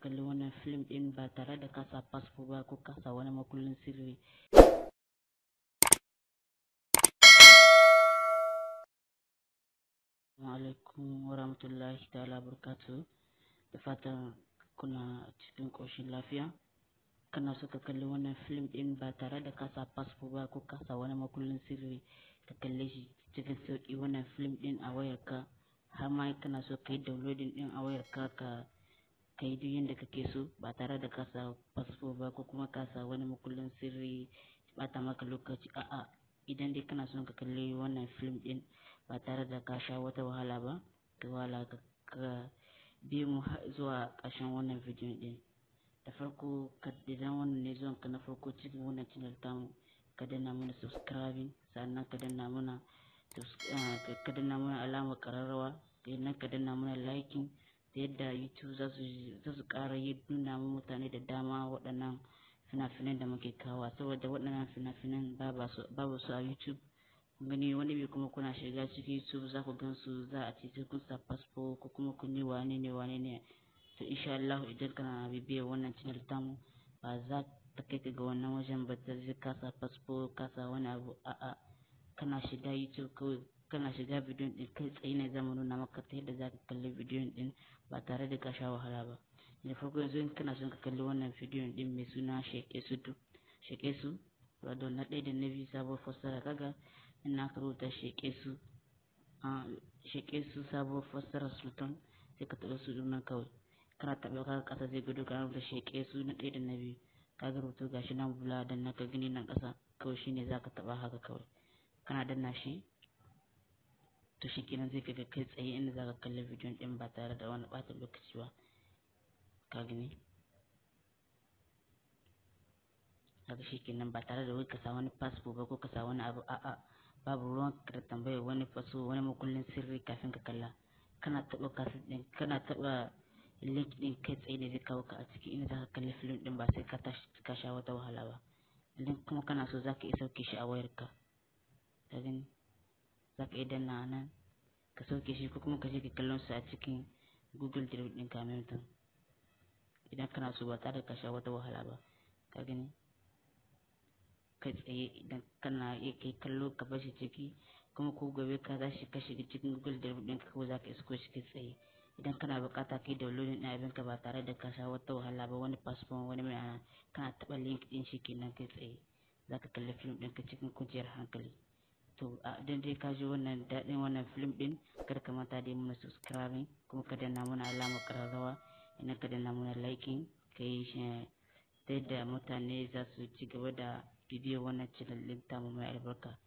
kalli wannan film din ba tare da kasa fasfo ba ko kasa wani makullin sirri alaikum wa rahmatullahi ta'ala burkatu da fatan kuna cikin koshin lafiya kana suka kalli wannan film din ba tare da kasa fasfo ba ko kasa wani makullin sirri ka kalle shi cikin sauki wannan film din a wayarka har ma kana so ka yi downloading din a wayarka ka ka yi duk yadda kake so ba tare da ka sa fasfo ba ko kuma ka sa wani makullin sirri bata maka lokaci a'a idan dai kana son ka kalli wannan film din ba tare da ka sha wata wahala ba ka wahala ka bi mu zuwa ƙarshen wannan video din da farko ka idan wannan ne zuwan ka na farko cikin wannan channel tamu ka danna mana subscribing sannan ka danna mana ah, ka danna mana alamar kararrawa sannan ka danna mana liking yadda youtube za su kara yi nuna mutane da dama waɗannan fina-finan da muke kawa saboda waɗannan fina-finan babu su a youtube gani wani bai kuma kuna shiga cikin youtube za ku gan su za a cikin kun sa fasfo ko kuma kun wane ne wane ne to insha Allah idan kana bibiyar wannan channel tamu ba za ta kai ka ga wannan wajen ba ta zai kasa fasfo kasa wani abu a'a kana shiga youtube kawai kana shiga bidiyon ɗin kai tsaye ne zamu nuna maka ta yadda zaka kalli bidiyon ɗin ba tare da ka sha wahala ba da farko yanzu in kana son ka kalli wannan bidiyon ɗin mai suna sheke su sheke su wato na ɗaya da na biyu sabuwar fassara kaga in na rubuta sheke su sheke su sabuwar fassara sultan sai ka taɓa su nan kawai kana taɓa kaga ƙasa zai gudu ka rubuta sheke su na ɗaya da na biyu kaga rubutu gashi nan bula da naka gani nan ƙasa kawai shine zaka taɓa haka kawai kana danna shi to shi kenan zai kai kai tsaye inda zaka kalli bidiyon din ba tare da wani ɓata lokaci ba ka gani kaga shi kenan ba tare da wai ka samu wani passport ba ko ka samu wani abu a'a babu ruwan ka tambaya wani faso wani makullin sirri kafin ka kalla kana taɓa kaset ɗin kana taɓa link ɗin kai tsaye ne zai kawo ka a ciki inda zaka kalli film din ba sai ka tashi ka sha wata wahala ba link kuma kana so zaka iya sauke shi a wayarka ka gani za ka yi danna nan ka sauke shi ko kuma ka je ka kallon su a cikin google drive ɗin ka mutum idan kana so ba tare ka sha wata wahala ba ka gani kai tsaye idan kana iya kai kallo ka bar shi ciki kuma ko gobe ka za shi ka shiga cikin google drive ɗin ka ko za ka isko shi kai tsaye idan kana bukata kai downloading ɗin ka ba tare da ka sha wata wahala ba wani passport wani mai kana taɓa link ɗin shi kenan kai tsaye za ka kalli film ɗinka cikin kujiyar hankali to a ah, idan dai ka ji wannan daɗin wannan film ɗin kar ka mata dai muna subscribing kuma ka danna muna alama ƙararrawa ina ka danna muna liking ka yi shi eh, ta yadda mutane za su ci gaba da bibiyo wannan channel ɗin mu mai albarka